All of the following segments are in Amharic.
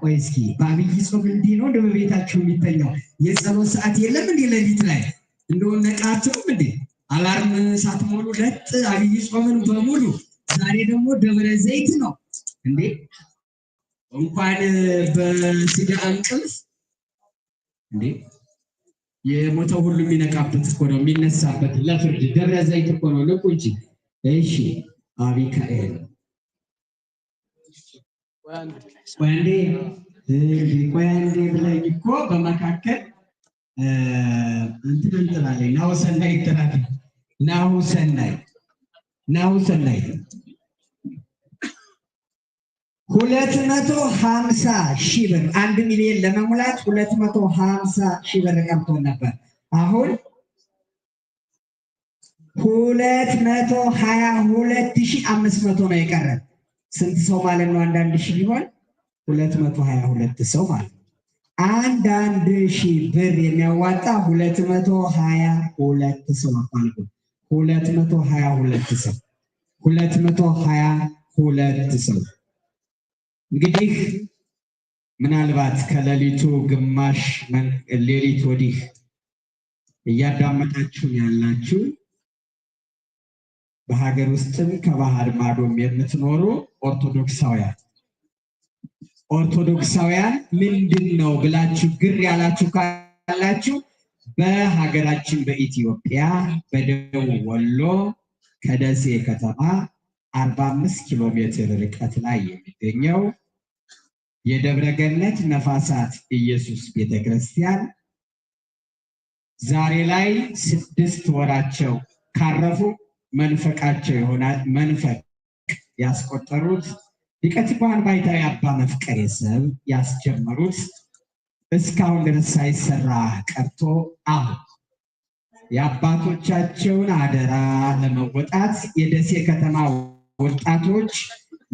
ቆይ እስኪ በአብይ ጾም እንዲህ ነው እንደ በቤታችሁ የሚተኛው የጸሎት ሰዓት የለም እንዴ? ሌሊት ላይ እንደው ነቃችሁም እንዴ? አላርም ሳትሞሉ ለጥ አብይ ጾምን በሙሉ። ዛሬ ደግሞ ደብረ ዘይት ነው እንዴ? እንኳን በስጋ እንቅልፍ እንዴ የሞተው ሁሉ የሚነቃበት እኮ ነው የሚነሳበት፣ ለፍርድ ደብረ ዘይት እኮ ነው። ልቁ እንጂ እሺ አቢካኤል ቆያንዴ ቆያንዴ ብለኝ እኮ በመካከል እንትን እንትላለኝ ናሁ ሰናይ ናሁ ሰናይ ናሁ ሰናይ ሁለት መቶ ሀምሳ ሺህ ብር አንድ ሚሊዮን ለመሙላት ሁለት መቶ ሀምሳ ሺህ ብር ቀምቶን ነበር። አሁን ሁለት መቶ ሀያ ሁለት ሺህ አምስት መቶ ነው የቀረን። ስንት ሰው ማለት ነው? አንዳንድ ሺህ ቢሆን ሁለት መቶ ሀያ ሁለት ሰው ማለት ነው። አንዳንድ ሺህ ብር የሚያዋጣ ሁለት መቶ ሀያ ሁለት ሰው ማለት ሁለት መቶ ሀያ ሁለት ሰው ሁለት መቶ ሀያ ሁለት ሰው እንግዲህ ምናልባት ከሌሊቱ ግማሽ ሌሊት ወዲህ እያዳመጣችሁን ያላችሁ በሀገር ውስጥም ከባህር ማዶም የምትኖሩ ኦርቶዶክሳውያን ኦርቶዶክሳውያን ምንድን ነው ብላችሁ ግር ያላችሁ ካላችሁ በሀገራችን በኢትዮጵያ በደቡብ ወሎ ከደሴ ከተማ 45 ኪሎ ሜትር ርቀት ላይ የሚገኘው የደብረገነት ነፋሳት ኢየሱስ ቤተክርስቲያን ዛሬ ላይ ስድስት ወራቸው ካረፉ መንፈቃቸው የሆነ መንፈቅ ያስቆጠሩት ሊቀ ትጉሃን ባይታዊ አባ መፍቀሬ ሰብ ያስጀመሩት እስካሁን ድረስ ሳይሰራ ቀርቶ አሁን የአባቶቻቸውን አደራ ለመወጣት የደሴ ከተማ ወጣቶች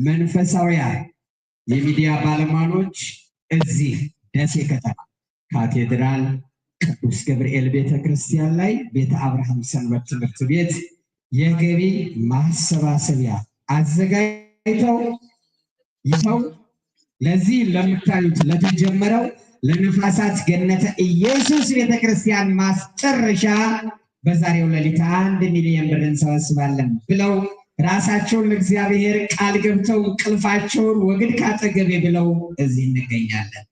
መንፈሳውያን የሚዲያ ባለሟሎች እዚህ ደሴ ከተማ ካቴድራል ቅዱስ ገብርኤል ቤተ ክርስቲያን ላይ ቤተ አብርሃም ሰንበት ትምህርት ቤት የገቢ ማሰባሰቢያ አዘጋጅተው ይኸው ለዚህ ለምታዩት ለተጀመረው ለነፋሳት ገነተ ኢየሱስ ቤተክርስቲያን ማስጨረሻ በዛሬው ሌሊት አንድ ሚሊዮን ብር እንሰበስባለን ብለው ራሳቸውን ለእግዚአብሔር ቃል ገብተው ቅልፋቸውን ወግድ ካጠገቤ ብለው እዚህ እንገኛለን።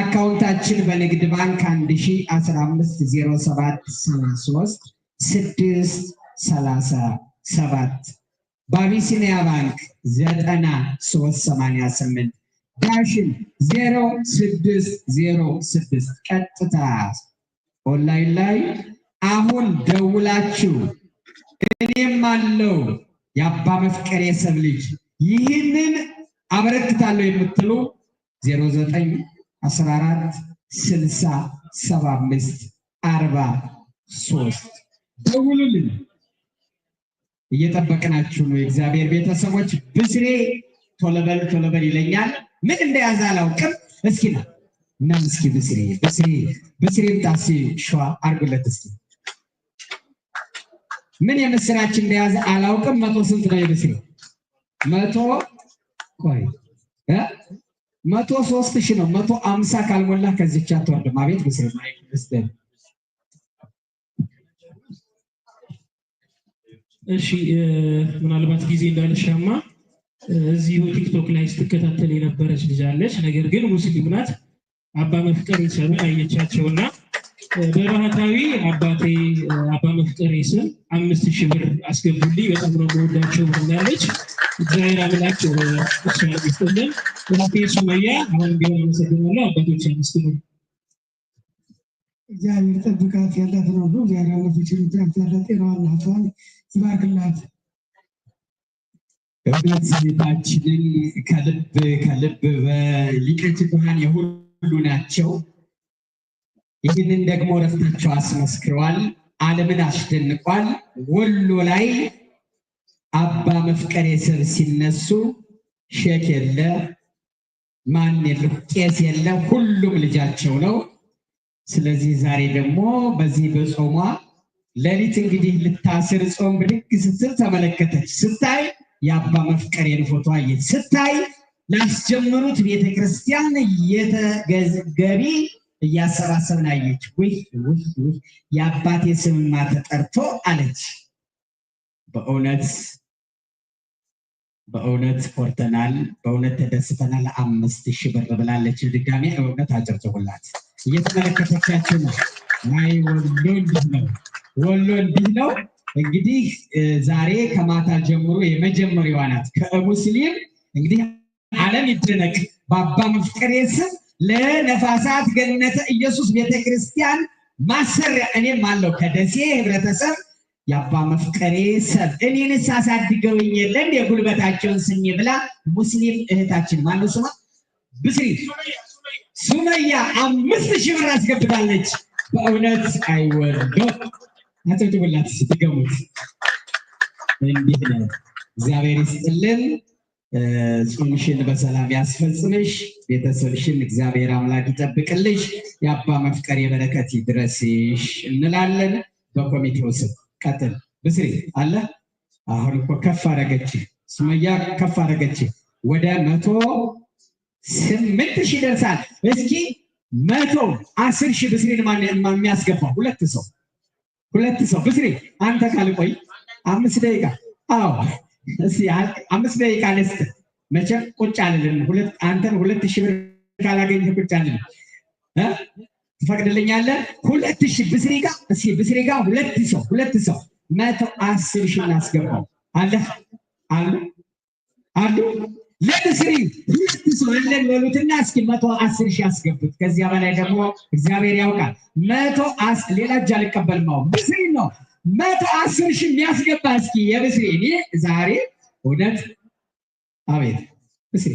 አካውንታችን በንግድ ባንክ 1 ሺ ሰባት ሰባ ሶስት ስድስት ሰላሳ ሰባት በአቢሲኒያ ባንክ ዘጠና ሶስት ሰማንያ ስምንት ዳሽን ዜሮ ስድስት ዜሮ ስድስት ቀጥታ ኦንላይን ላይ አሁን ደውላችሁ እኔም አለው የአባ መፍቀሬ የሰብ ልጅ ይህንን አበረክታለሁ የምትሉ 0914 14 60 75 43 ደውሉልን። እየጠበቅናችሁ ነው የእግዚአብሔር ቤተሰቦች። ብስሬ ቶለበል ቶለበል ይለኛል። ምን እንደያዘ አላውቅም። እስኪ ና እና እስኪ ብስሬ ብስሬ ብስሬም ጣሴ ሸዋ አርጉለት እስኪ ምን የምስራች እንደያዘ አላውቅም። መቶ ስንት ነው የብስሬ? መቶ ቆይ መቶ ሶስት ሺ ነው። መቶ አምሳ ካልሞላ ከዚቻ ተወርድም። አቤት ብስሬ እሺ ምናልባት ጊዜ እንዳልሻማ እዚሁ ቲክቶክ ላይ ስትከታተል የነበረች ልጅ አለች። ነገር ግን ሙስሊም ናት። አባ መፍቀሬ ስም እና በባህታዊ አባቴ አባ መፍቀሬ ስም አምስት ሺህ ብር አስገቡልኝ በጣም ነው መወዳቸው ብላለች። እግዚአብሔር አምላክ እሷ ይስጥልን። ራቴ ሱመያ አሁን ቢሆን አመሰግናለሁ። አባቶች አምስት ነው እግዚአብሔር ጠብቃት ያላት ነው። እግዚአብሔር ያላት ችሎታ ያላት ጤናዋን ሀብቷን ይባርክላት። እውነት ቤታችንን ከልብ ከልብ በሊቀ ትጉሃን የሁሉ ናቸው። ይህንን ደግሞ ረፍታቸው አስመስክረዋል። ዓለምን አስደንቋል። ወሎ ላይ አባ መፍቀሬ ሰብ ሲነሱ ሼክ የለ ማን የለ ቄስ የለ፣ ሁሉም ልጃቸው ነው። ስለዚህ ዛሬ ደግሞ በዚህ በጾሟ ሌሊት እንግዲህ ልታስር ጾም ብድግ ስትል ተመለከተች። ስታይ የአባ መፍቀሬን ፎቶ አየች። ስታይ ላስጀምሩት ክርስቲያን የተገቢ እያሰባሰብን አየች። ውይ ውይ ውይ የአባቴ ስምማ ተጠርቶ አለች። በእውነት በእውነት ኮርተናል፣ በእውነት ተደስተናል። አምስት ሺህ ብር ብላለች። ድጋሜ እውነት አጨብጭቡላት። እየተመለከተቻቸው ነው ማይ ወሎ እንዲህ ነው ወሎ እንዲህ ነው እንግዲህ ዛሬ ከማታ ጀምሮ የመጀመሪያዋ ናት። ከሙስሊም እንግዲህ ዓለም ይደነቅ በአባ መፍቀሬ ስም ለነፋሳት ገነተ ኢየሱስ ቤተክርስቲያን ማሰሪያ እኔም አለው ከደሴ ህብረተሰብ የአባ መፍቀሬ ሰብ እኔንስ አሳድገውኝ የለን የጉልበታቸውን ስኝ ብላ ሙስሊም እህታችን ማነው ስማ ብስሪ ሱመያ አምስት ሺህ ብር አስገብታለች። በእውነት አይወርዶ አጨብጭቡላት ስትገሙት። እንዲህ ነው። እግዚአብሔር ይስጥልን፣ ጾምሽን በሰላም ያስፈጽምሽ፣ ቤተሰብሽን እግዚአብሔር አምላክ ይጠብቅልሽ፣ የአባ መፍቀር የበረከት ይድረስሽ እንላለን በኮሚቴው ስም። ቀጥል ብስሪ አለ። አሁን እኮ ከፍ አረገች ሱመያ፣ ከፍ አረገች። ወደ መቶ ስምንት ሺህ ደርሳል። እስኪ መቶ አስር ሺህ ብስሪን የሚያስገባ ሁለት ሰው ሁለት ሰው ብስሪ አንተ ካልቆይ አምስት ደቂቃ አዎ አምስት ደቂቃ ለስት መቼም ቁጭ አልልን። አንተን ሁለት ሺህ ብር ካላገኘህ ቁጭ አልልን። ትፈቅድልኛለህ? ሁለት ሺህ ብስሪ ጋ እስኪ ብስሪ ጋ ሁለት ሰው ሁለት ሰው መቶ አስር ሺህ እናስገባው አለ አሉ አሉ ለብስሪ ወለሉትና እስኪ መቶ አስር ሺህ አስገቡት። ከዚያ በላይ ደግሞ እግዚአብሔር ያውቃል። መቶ ሌላ እጅ አልቀበልም። አሁን ብስሪ ነው መቶ አስር ሺህ የሚያስገባ እስኪ የብስሪ እኔ ዛሬ እውነት አቤት ብስሪ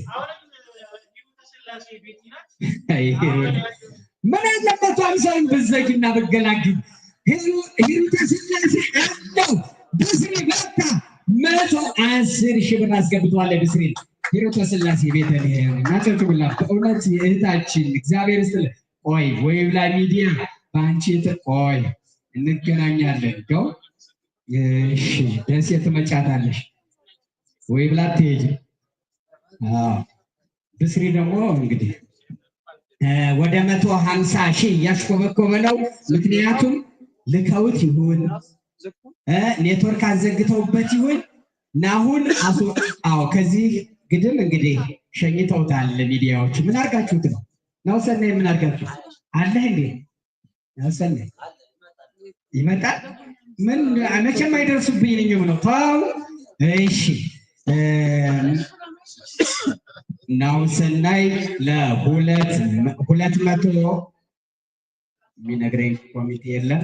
ምን ያለመቶ አምሳውን ብዘጊና ብገላግ ሂሩተ ስላሴ አለው ብስሪ በታ መቶ አስር ሺህ ብር አስገብተዋለ ብስሪ ነው ሂሮተ ሥላሴ ቤተልሔም እናጨብጭቡላት። በእውነት የእህታችን እግዚአብሔር ስለ ቆይ ወይብላ ሚዲያ በአንቺ ቆይ እንገናኛለን። እንደው እሺ ደሴ ትመጫታለሽ ወይብላ ትሄጂ። ብስሪ ደግሞ እንግዲህ ወደ መቶ ሀምሳ ሺህ እያሽኮበኮበ ነው። ምክንያቱም ልከውት ይሁን ኔትወርክ አዘግተውበት ይሁን ናሁን አዎ ከዚህ ግድል እንግዲህ ሸኝተውታል ሚዲያዎች። ምን አርጋችሁት ነው? ናሁሰናይ ምን አድርጋችሁት አለ እንዴ? ናሁሰናይ ይመጣል። ምን መቼም አይደርሱብኝ ነው ታው። እሺ ናውሰናይ ለሁለት መቶ የሚነግረኝ ኮሚቴ የለም።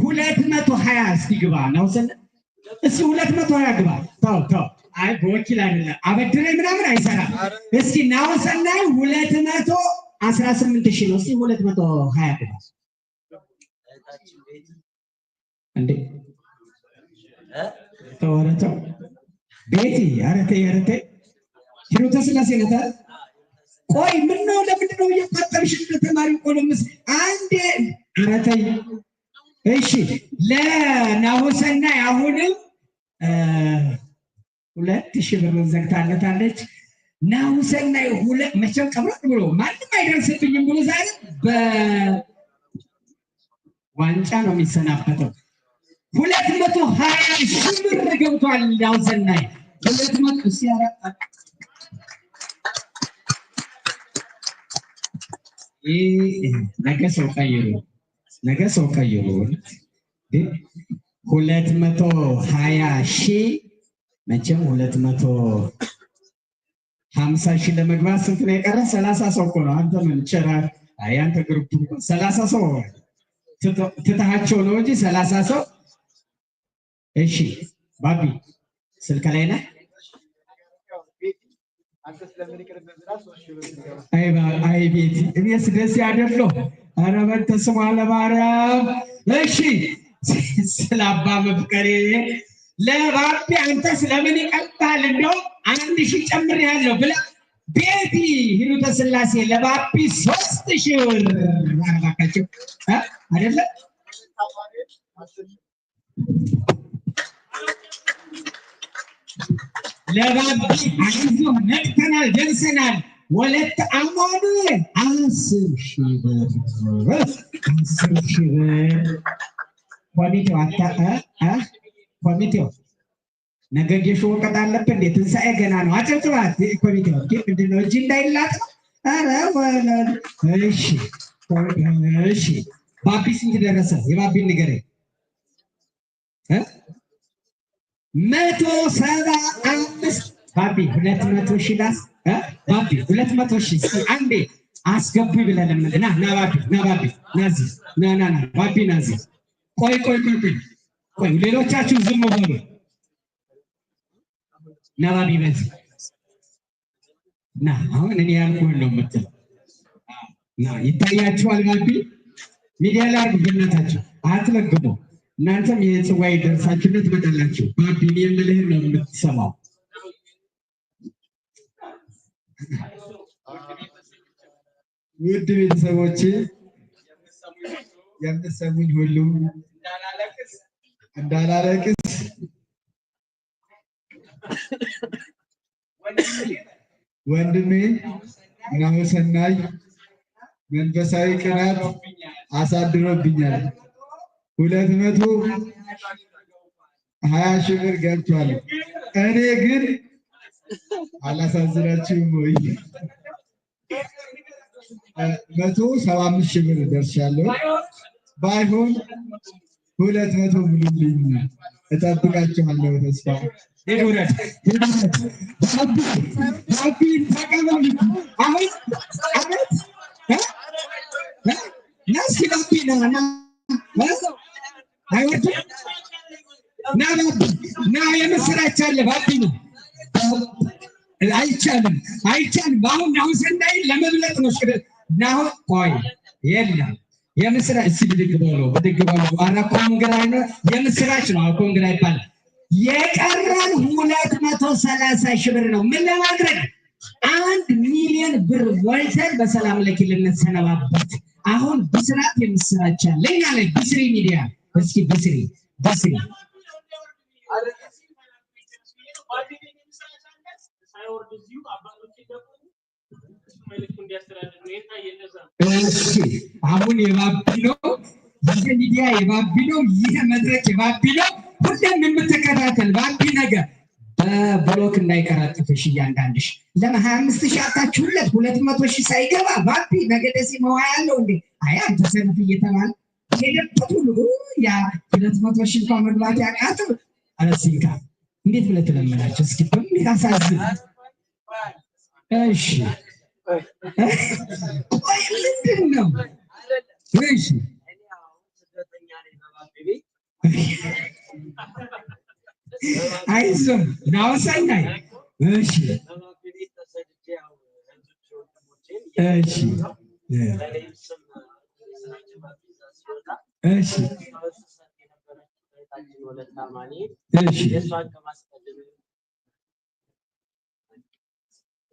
ሁለት መቶ ሀያ እስኪ ግባ ናሁሰናይ እስኪ ሁለት መቶ ያግባ። ተው ተው፣ አይ በወኪል አይደለም አበድረኝ ምናምን አይሰራም። እስኪ ናሁሰናይ ሁለት መቶ አስራ ስምንት ሺህ ነው። እስኪ ሁለት መቶ ሀያ ያግባ። እንዴ! ተው ኧረ ተው ቤቲ፣ ኧረ ተይ፣ ኧረ ተይ። ሂሩተ ስላሴ ነታ ቆይ፣ ምነው ነው ተማሪ ቆሎምስ አንዴ ኧረ ተይ እሺ ለናሆሰና አሁንም ሁለት ሺህ ብር ዘግታለታለች። ናሁሰና ሁለት መቼም ቀብረት ብሎ ማንም አይደርስብኝም ብሎ ዛሬ በዋንጫ ነው የሚሰናበተው። ሁለት መቶ ሀያ ሺህ ብር ገብቷል። ናሆሰና ሁለት መቶ ነገ ሰው ቀይሩ ነገ ሰው ቀይሩ። ሁለት መቶ ሀያ ሺህ መቼም ሁለት መቶ ሀምሳ ሺህ ለመግባት ስንት ነው የቀረ? ሰላሳ ሰው እኮ ነው። አንተ ምን ቸራል? ያንተ ግሩፕ ሰላሳ ሰው ትታሃቸው ነው እንጂ ሰላሳ ሰው። እሺ ባቢ ስልክ ላይ ነህ? አይ ቤቲ እኔስ ደስ ያደለው ኧረ በእንተ ስሟ ለማርያም እሺ፣ ስለ አባ መፍቀሬ ለባቢ አንተ ስለምን ይቀልብሃል? እንደውም አንድ ሺህ ጨምሬያለሁ ብለህ ቤቲ ሂሩተ ሥላሴ ለባቢ ሶስት ሺ ብር አረባካቸው አይደለ ለባቢ አይዞህ ነቅተናል፣ ደርሰናል። ወለት አሞን አስር ሺህ ብር አስር ሺህ ብር ኮሚቴው ኮሚቴው ነገ ጌሾ ወቀጥ አለብህ እንዴ? ትንሣኤ ገና ነው። አጨብጭባት ኮሚቴው ምንድን ነው? እጅ እንዳይላጥ ነው። ወለል እሺ፣ እሺ። ባቢ ስንት ደረሰ? የባቢን ንገረኝ። መቶ ሰባ አምስት ባቢ ሁለት መቶ ሺህ ላስ ባቢ ሁለት መቶ ሺህ አንዴ አስገቡ ብለን ና ና ባቢ ና ባቢ ናዚ ና ና ና ባቢ ናዚ ቆይ ቆይ ቆይ ቆይ ቆይ ሌሎቻችሁ ዝም ሆኑ። ና ባቢ በዚህ ና አሁን እኔ ያልኩህን ነው የምትል ና ይታያችኋል። ባቢ ሚዲያ ላይ አድርጉ በእናታችሁ እናንተም ይህን ደርሳችነት ደርሳችሁ ትመጣላችሁ። ባቢን የምልህን ነው የምትሰማው። ውድ ቤተሰቦች የምትሰሙኝ ሁሉ እንዳላለቅስ ወንድሜ ናሁሰናይ መንፈሳዊ ቅናት አሳድሮብኛል። ሁለት መቶ ሀያ ሺህ ብር ገብቷል። እኔ ግን አላሳዝናችሁም ወይ? መቶ ሰባ አምስት ሺህ ብር ደርሻለሁ። ባይሆን ሁለት መቶ ብሉልኝ፣ እጠብቃችኋለሁ። ተስፋ አሁን በስራቸው አለ ባቢ ነው። አይቻልም፣ አይቻልም። አሁን አሁን ሰናይ ለመብለጥ ነው። ናሁ ቆይ የለም የምስራች እስኪ ብድግ በሉ ብድግ በሉ። ኧረ ኮንግራ ነው የምስራች ነው። ኮንግራ ይባላል። የቀረን ሁለት መቶ ሰላሳ ሺህ ብር ነው። ምን ለማድረግ አንድ ሚሊዮን ብር ወልተን በሰላም ለኪ ልንሰነባበት አሁን ብስራት የምስራች አለኝ አለኝ። ብስሪ ሚዲያ እስኪ ብስሪ ብስሪ በዚሁ እሺ አሁን የባቢ ነው፣ ይሄ ሚዲያ የባቢ ነው፣ ይሄ መድረክ የባቢ ነው። ሁሌም የምትከታተል ባቢ ነገር በብሎክ እንዳይከራጥፍሽ እያንዳንድሽ ለሀያ አምስት ሺህ አታችሁለት ሁለት መቶ ሺህ ሳይገባ ባቢ ነገ ደሴ መውሃ ያለው እንዴ አይ አንተ ሰነፍ እየተባለ ሄደበት ሁሉ ያ ሁለት መቶ ሺህ እንኳ መግባት ያቃትም አለስንካ እንዴት ብለህ ትለምናቸው እስኪ በሚል እሺ ወይ ምንድን ነው? እሺ አይዞህ ናው ሰናይ እሺ እሺ እሺ እሺ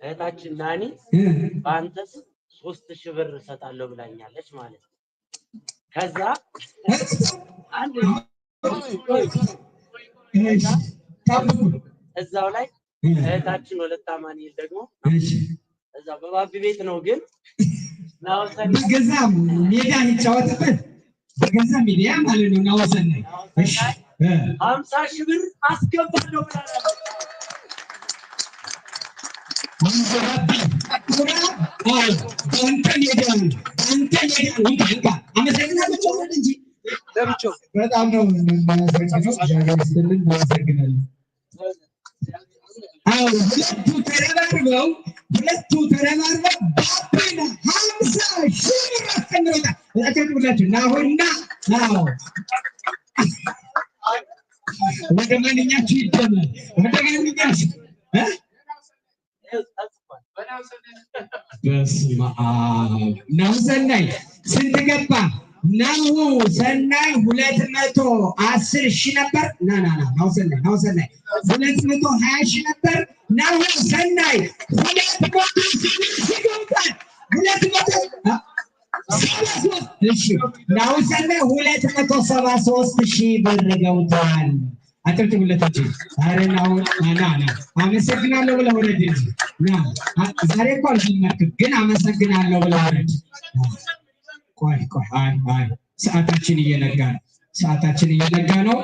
እህታችን ናኒ በአንተስ ሶስት ሺህ ብር እሰጣለሁ ብላኛለች ማለት ነው። ከዛ አንድ እዛው ላይ እህታችን ሁለት አማኑኤል ደግሞ እዛ በባቢ ቤት ነው ግን በገዛ ሜዳ የሚጫወትበት በገዛ ሚዲያ ማለት ነው። ናወሰን ሀምሳ ሺህ ብር አስገባለሁ ብላኛለች ሁለቱ ተረባርበው ባቤና ሀምሳ ሺህ አስቀምጠውታል። ናሆና ወደ ማንኛችሁ ይደመር ወደ ማንኛችሁ በስመ አብ ናሁ ሰናይ ስንት ገባ? ናሁ ሰናይ ሁለት መቶ አስር ሺህ ነበር። ና ና ና ናሁ ሰናይ ናሁ ሰናይ ሁለት መቶ ሀያ ሺህ ነበር። ናሁ ሰናይ ሁለት መቶ ሲገባል ሁለት መቶ ናሁ ሰናይ ሁለት መቶ ሰባ ሦስት ሺህ ብር ገብቷል። አጨብጭቡለት እንጂ ዛሬና አሁን ና ና አመሰግናለሁ ብለህ ወረድ እንጂ ዛሬ እኮ አልጀመርክም፣ ግን አመሰግናለሁ ብለህ ወረድ። ቆይ ቆይ፣ አይ አይ፣ ሰዓታችን እየነጋ ነው፣ ሰዓታችን እየነጋ ነው።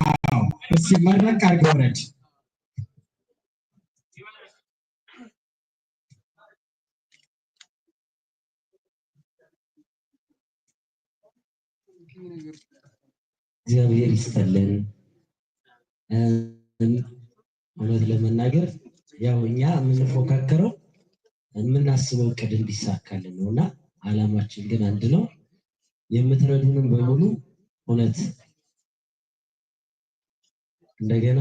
አዎ፣ እስኪ መድረቅ አድርገህ ወረድ። ነገር እግዚአብሔር ይስጠልን። እውነት ለመናገር ያው እኛ የምንፎካከረው የምናስበው እቅድ እንዲሳካልን ነው እና አላማችን ግን አንድ ነው። የምትረዱንም በሙሉ እውነት እንደገና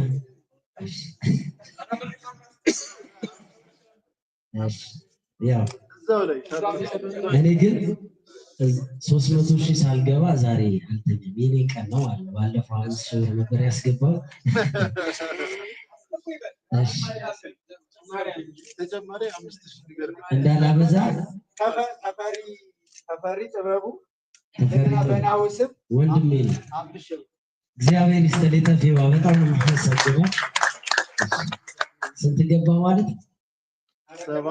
ያው እኔ ግን ሶስት መቶ ሺህ ሳልገባ ዛሬ አልተኛም። የኔ ቀን ነው አለ። ባለፈው አንስ ነበር ያስገባው። እንዳላበዛ ወንድሜ ነው። እግዚአብሔር ይስጥልኝ። ተፌባ በጣም ነው ስንት ገባ ማለት ሰባ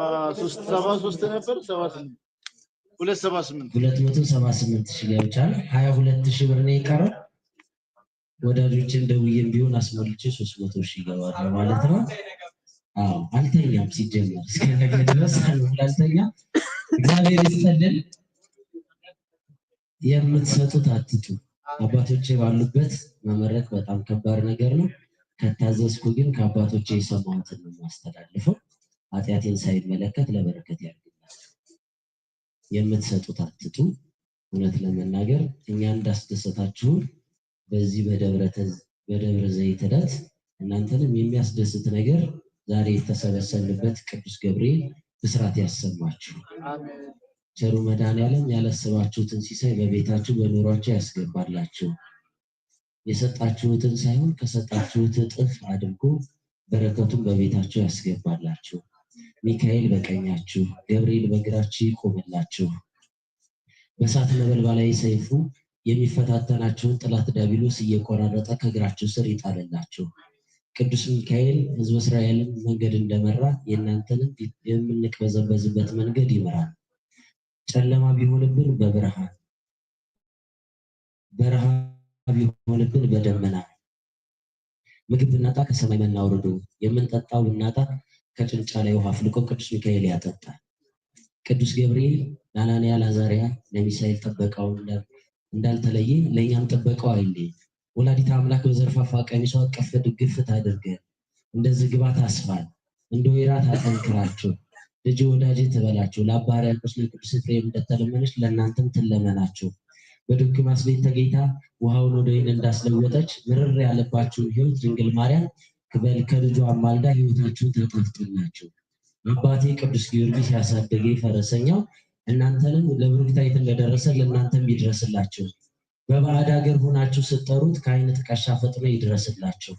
ሶስት ነበር ሰባ ስምንት ሁለት ሰባ ስምንት ሁለት መቶ ሰባ ስምንት ገብቻል። ሀያ ሁለት ብር ነው የቀረው። ወዳጆችን ደውዬም ቢሆን አስመልቼ ሶስት መቶ ሺህ ይገባል ማለት ነው። አዎ አልተኛም፣ ሲጀመር እስከ ነገ ድረስ አልተኛ። እግዚአብሔር የምትሰጡት አትጡ። አባቶቼ ባሉበት መመረቅ በጣም ከባድ ነገር ነው። ከታዘዝኩ ግን ከአባቶቼ የሰማሁትን ነው የማስተላልፈው። ኃጢአቴን ሳይመለከት ለበረከት የምትሰጡት አትጡ። እውነት ለመናገር እኛ እንዳስደሰታችሁን በዚህ በደብረ ዘይት ዕለት እናንተንም የሚያስደስት ነገር ዛሬ የተሰበሰብንበት ቅዱስ ገብርኤል ብስራት ያሰማችሁ። ቸሩ መድኃኔዓለም ያላሰባችሁትን ሲሳይ በቤታችሁ በኑሯችሁ ያስገባላችሁ። የሰጣችሁትን ሳይሆን ከሰጣችሁት እጥፍ አድርጎ በረከቱን በቤታችሁ ያስገባላችሁ። ሚካኤል በቀኛችሁ፣ ገብርኤል በግራችሁ ይቆምላችሁ። በእሳት ላይ ሰይፉ የሚፈታተናቸውን ጠላት ዲያብሎስ እየቆራረጠ ከእግራችሁ ስር ይጣልላችሁ። ቅዱስ ሚካኤል ሕዝበ እስራኤልን መንገድ እንደመራ የእናንተንም የምንቅበዘበዝበት መንገድ ይምራል። ጨለማ ቢሆንብን በብርሃን በረሃ ቢሆንብን በደመና ምግብ ብናጣ ከሰማይ መና አውርዶ የምንጠጣው ብናጣ ከጭንጫ ላይ ውሃ አፍልቆ ቅዱስ ሚካኤል ያጠጣል። ቅዱስ ገብርኤል ለአናንያ ለአዛርያ ለሚሳኤል ጥበቃው እንዳልተለየ ለእኛም ጥበቃው አይለይ። ወላዲተ አምላክ በዘርፋፋ ቀሚሷ አቀፈ ድግፍ ታድርገን። እንደዚህ ግባት አስፋል እንደ ወይራ ታጠንክራችሁ። ልጅ ወዳጅ ትበላችሁ። ለአባ ቅዱስ ለቅዱስ ኤፍሬም እንደተለመነች ለእናንተም ትለመናችሁ። በድግ ማስቤት ተገኝታ ውሃውን ወደ ወይን እንዳስለወጠች ምርር ያለባችሁን ህይወት ድንግል ማርያም ክበል ከልጇ አማልዳ ህይወታቸውን ተጠፍቶላቸው አባቴ ቅዱስ ጊዮርጊስ ያሳደገ ፈረሰኛው እናንተንም ለብሩክታይት እንደደረሰ ለእናንተም ይድረስላቸው በባዕድ ሀገር ሆናችሁ ስትጠሩት ከአይነ ጥቀሻ ፈጥኖ ይድረስላቸው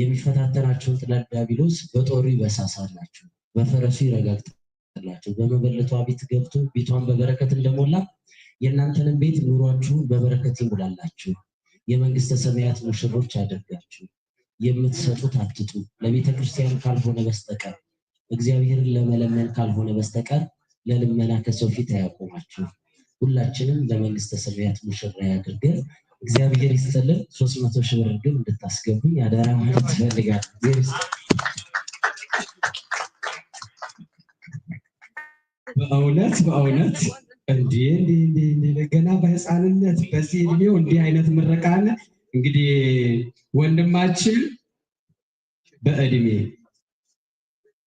የሚፈታተናቸውን ጠላት ዲያብሎስ በጦሩ ይበሳሳላቸው በፈረሱ ይረጋግጥላቸው። በመበለቷ ቤት ገብቶ ቤቷን በበረከት እንደሞላ የእናንተንም ቤት ኑሯችሁን በበረከት ይሙላላችሁ። የመንግስተ ሰማያት ሙሽሮች ያደርጋችሁ። የምትሰጡት አትጡ ለቤተ ክርስቲያን ካልሆነ በስተቀር እግዚአብሔርን ለመለመን ካልሆነ በስተቀር ለልመና ከሰው ፊት አያቆማችሁ። ሁላችንም ለመንግስተ ሰማያት ሙሽራ ያድርገን። እግዚአብሔር ይስጥልን። ሶስት መቶ ሺህ ብር ግን እንድታስገቡኝ አደራ ማለት እፈልጋለሁ። በእውነት በእውነት እንዲህ እንዲህ ገና በህፃንነት በዚህ እድሜው እንዲህ አይነት ምረቃን እንግዲህ ወንድማችን በእድሜ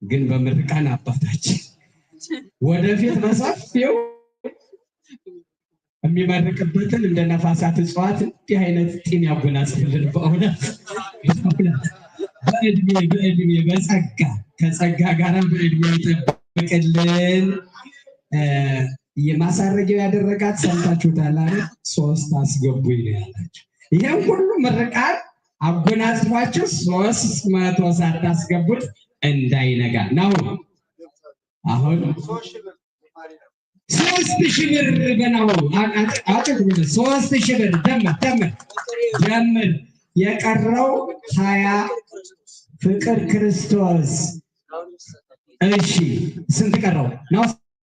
ግን በምርቃን አባታችን ወደፊት በሰፊው የሚመርቅበትን እንደ ነፋሳት እጽዋት እንዲህ አይነት ጢም ያጎናጽፍልን። በእውነት በእድሜ በእድሜ በጸጋ ከጸጋ ጋር በእድሜ ይጠብቅልን። የማሳረጊያው ያደረጋት ሰምታችሁታል። ሶስት አስገቡኝ ነው ያላቸው። ይሄን ሁሉ ምርቃት አጎናጽፋችሁ ሶስት መቶ ሳታስገቡት እንዳይነጋ ነው። አሁን ሶስት ሺህ ብር በናው አጭር ሶስት ሺህ ብር ደምር ደምር ደምር የቀረው ሀያ ፍቅር ክርስቶስ። እሺ ስንት ቀረው ነው?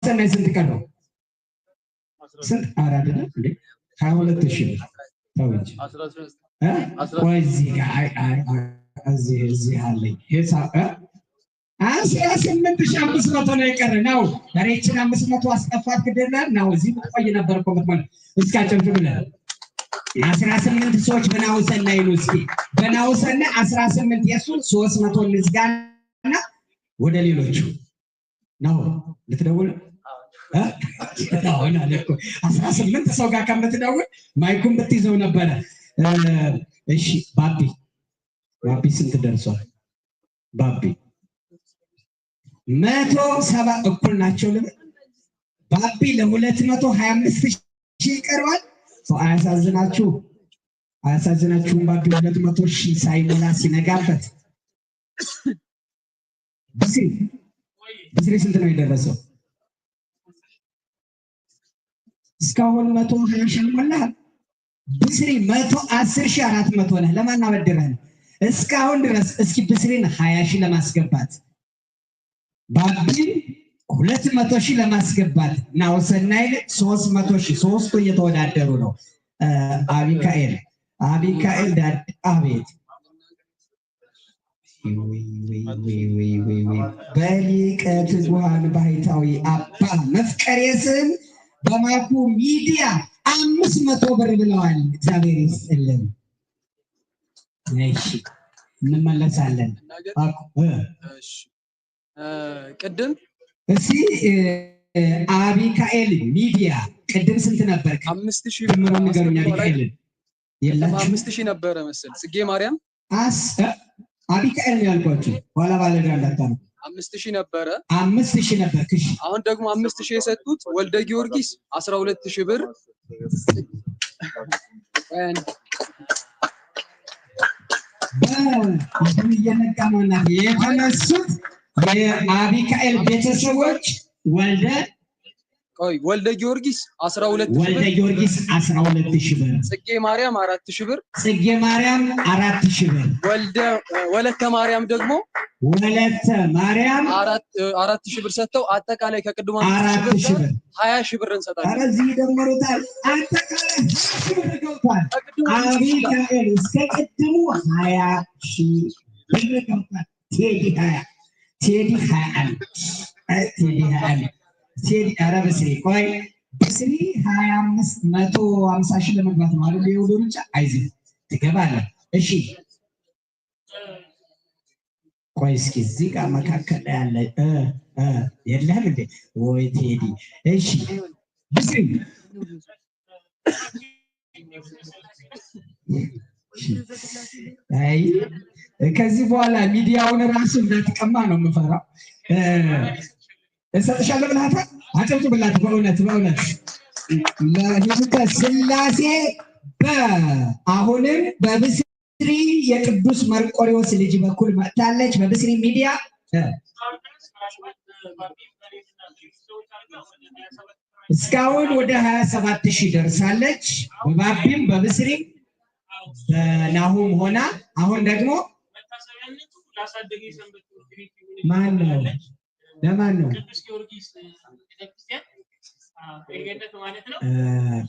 ሰናይ ስንት ቀረው? ስንት አራ ነው? ሀያ ሁለት ሺህ ብር እዚህ አለኝ ስምንት ሺህ አምስት መቶ ነው የቀረ ነው። አምስት መቶ አስጠፋት ነው እዚህ ቆይ ነበር እኮ አስራ ስምንት ሰዎች በናውሰና ይሉ እስኪ በናውሰና አስራ ስምንት ሶስት መቶ ወደ ሌሎቹ ነው ልትደውል አስራ ስምንት ሰው ጋር ከምትደውል ማይኩም ብትይዘው ነበረ እሺ ባቢ ባቢ ስንት ደርሷል? ባቢ መቶ ሰባ እኩል ናቸው ልበል። ባቢ ለሁለት መቶ ሀያ አምስት ሺህ ይቀርባል። አያሳዝናችሁ አያሳዝናችሁም? ባቢ ሁለት መቶ ሺህ ሳይሞላ ሲነጋበት ብስሪ ብስሪ ስንት ነው የደረሰው? እስካሁን መቶ ሀያ ሺህ አልሞላህም። ብስሪ መቶ አስር ሺ አራት መቶ ነህ። ለማን አበድረህ እስካሁን ድረስ? እስኪ ብስሪን ሀያ ሺ ለማስገባት ባቢን ሁለት መቶ ሺ ለማስገባት ናውሰናይል ሶስት መቶ ሺ ሶስቱ እየተወዳደሩ ነው። አቢካኤል አቢካኤል ዳድ አቤት በሊቀ ትጉሃን ባህታዊ አባ መፍቀሬ መፍቀሬስን በማኩ ሚዲያ አምስት መቶ ብር ብለዋል። እግዚአብሔር ይስጥልን። እሺ እንመለሳለን። ቅድም እሺ አቢካኤል ሚዲያ ቅድም ስንት ነበር? አምስት ሺህ ብር ንገሩኝ። አቢካኤል የላችሁ አምስት ሺህ ነበረ መሰል ጽጌ ማርያም አስ አቢካኤል ነው ያልኳቸው። ባለ ባለዳ እንዳታነው አምስት ሺህ ነበረ አምስት ሺህ ነበር ክሽ አሁን ደግሞ አምስት ሺህ የሰጡት ወልደ ጊዮርጊስ አስራ ሁለት ሺህ ብር እየነቃ ነው እና የተነሱት የአቢካኤል ቤተሰቦች ወልደ ወልደ ጊዮርጊስ 12 ሺህ ወልደ ጊዮርጊስ 12 ሺህ ብር፣ ጽጌ ማርያም 4 ሺህ ብር፣ ጽጌ ማርያም 4 ሺህ ብር፣ ወልደ ወለተ ማርያም ደግሞ ወለተ ማርያም 4 4 ሺህ ብር ሰጥተው አጠቃላይ ከቅዱማን 4 ሺህ ብር 20 ሺህ ብር እንሰጣለን። ስለዚህ ይደምሩታል። አጠቃላይ ብር አቤት ያገል እስከ ቅድሙ 20 ሺህ ብር ገብቷል። ቴዲ 20 ቴዲ 21 ቴዲ 21 ሴድ ኧረ በስሪ ቆይ በስሪ ሀያ አምስት መቶ ሀምሳ ሺህ ለመግባት ነው አይደል? የውሎ ሩጫ አይዝም ትገባለህ። እሺ ቆይ እስኪ እዚህ ጋር መካከል ያለ የለም እንዴ? ወይ ቴዲ እሺ ብስሪ ከዚህ በኋላ ሚዲያውን ራሱ እንዳትቀማ ነው የምፈራው። እሰጥሻለሁ ብለሃታል። አጨብጭብላት። በእውነት በእውነት ለልጅተ ስላሴ በአሁንም በብስሪ የቅዱስ መርቆሪዎስ ልጅ በኩል መጥታለች። በብስሪ ሚዲያ እስካሁን ወደ ሀያ ሰባት ሺህ ደርሳለች። በባቢም በብስሪ በናሁም ሆና አሁን ደግሞ ማን ነው ለማን ነው?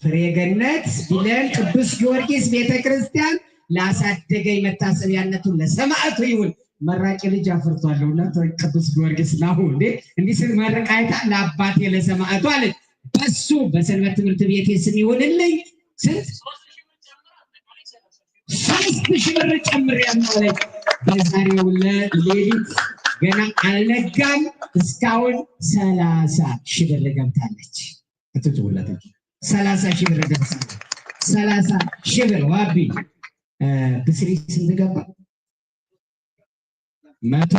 ፍሬ ገነት ቢለን ቅዱስ ጊዮርጊስ ቤተክርስቲያን ላሳደገኝ መታሰቢያነቱ ለሰማዕቱ ይሁን። መራቂ ልጅ አፍርቷለሁ እና ቅዱስ ጊዮርጊስ ናሁ እንዴ እንዲህ ስል መርቅ ለአባቴ ለሰማዕቱ አለች። በሱ በሰንበት ትምህርት ቤቴ ስም ይሁንልኝ። ሶስት ሺህ ብር ጨምሬያለሁ አለች። በዛሬው ሌሊት ገና አልነጋም። እስካሁን ሰላሳ ሺህ ብር ገብታለች። አትጭውላታች ሰላሳ ሺህ ብር ገብታለች። ሰላሳ ሺህ ብር ዋቢ ብስሪ ስንት ገባ? መቶ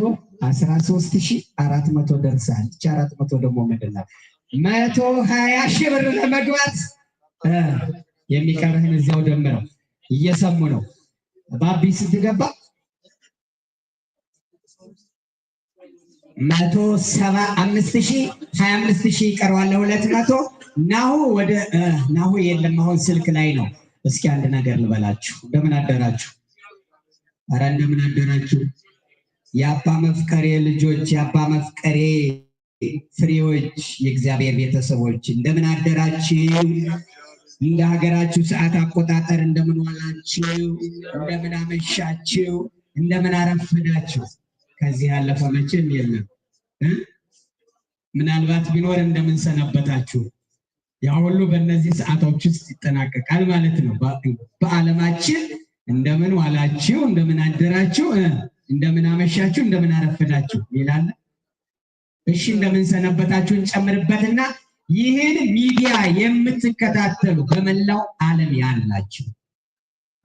አስራ ሶስት ሺ አራት መቶ ደርሳለች። አራት መቶ ደግሞ ምንድን መቶ ሀያ ሺ ብር ለመግባት የሚቀርህን እዚያው ደምረው እየሰሙ ነው። ባቢ ስትገባ መቶ ሰባ አምስት ሺ ሀያ አምስት ሺህ ይቀረዋል ለሁለት መቶ ናሁ ወደ ናሁ የለም አሁን ስልክ ላይ ነው። እስኪ አንድ ነገር ልበላችሁ። እንደምን አደራችሁ? አረ እንደምን አደራችሁ? የአባ መፍቀሬ ልጆች፣ የአባ መፍቀሬ ፍሬዎች፣ የእግዚአብሔር ቤተሰቦች እንደምን አደራችሁ? እንደ ሀገራችሁ ሰዓት አቆጣጠር እንደምን ዋላችሁ? እንደምን አመሻችሁ? እንደምን አረፈዳችሁ? ከዚህ ያለፈ መቼም የለም። ምናልባት ቢኖር እንደምንሰነበታችሁ ያ ሁሉ በእነዚህ ሰዓቶች ውስጥ ይጠናቀቃል ማለት ነው። በዓለማችን እንደምን ዋላችሁ፣ እንደምን አደራችሁ፣ እንደምን አመሻችሁ፣ እንደምን አረፈዳችሁ ይላል። እሺ እንደምን ሰነበታችሁ እንጨምርበትና ይህን ሚዲያ የምትከታተሉ በመላው ዓለም ያላችሁ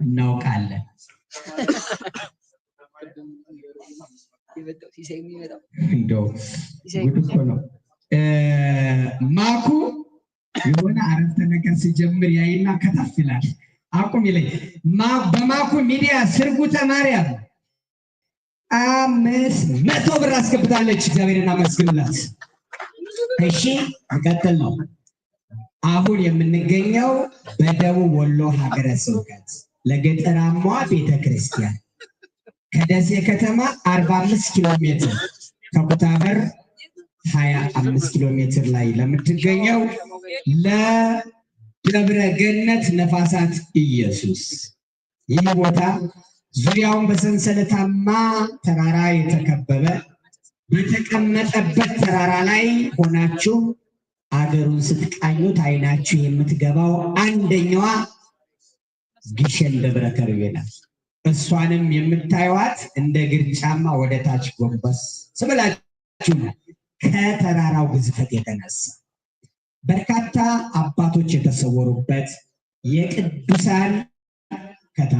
እናውቃለን። የመጣው ሲሳይ የሚመጣው እንደው ማኩ የሆነ አረፍተ ነገር ሲጀምር ያይና ከተፍ ይላል። አቁም ይለኝ። በማኩ ሚዲያ ስርጉተ ማርያም አምስት መቶ ብር አስገብታለች። እግዚአብሔርን አመስግንላት። እሺ መቀጠል ነው። አሁን የምንገኘው በደቡብ ወሎ ሀገረ ስብከት ለገጠራማ ቤተክርስቲያን ከደሴ ከተማ 45 ኪሎ ሜትር ከኩታበር 25 ኪሎ ሜትር ላይ ለምትገኘው ለደብረ ገነት ነፋሳት ኢየሱስ ይህ ቦታ ዙሪያውን በሰንሰለታማ ተራራ የተከበበ በተቀመጠበት ተራራ ላይ ሆናችሁ አገሩን ስትቃኙት አይናችሁ የምትገባው አንደኛዋ ግሸን ደብረ ከርቤ ናት። እሷንም የምታዩዋት እንደ ግርጫማ ወደ ታች ጎንበስ ስብላችሁ ከተራራው ግዝፈት የተነሳ በርካታ አባቶች የተሰወሩበት የቅዱሳን ከተማ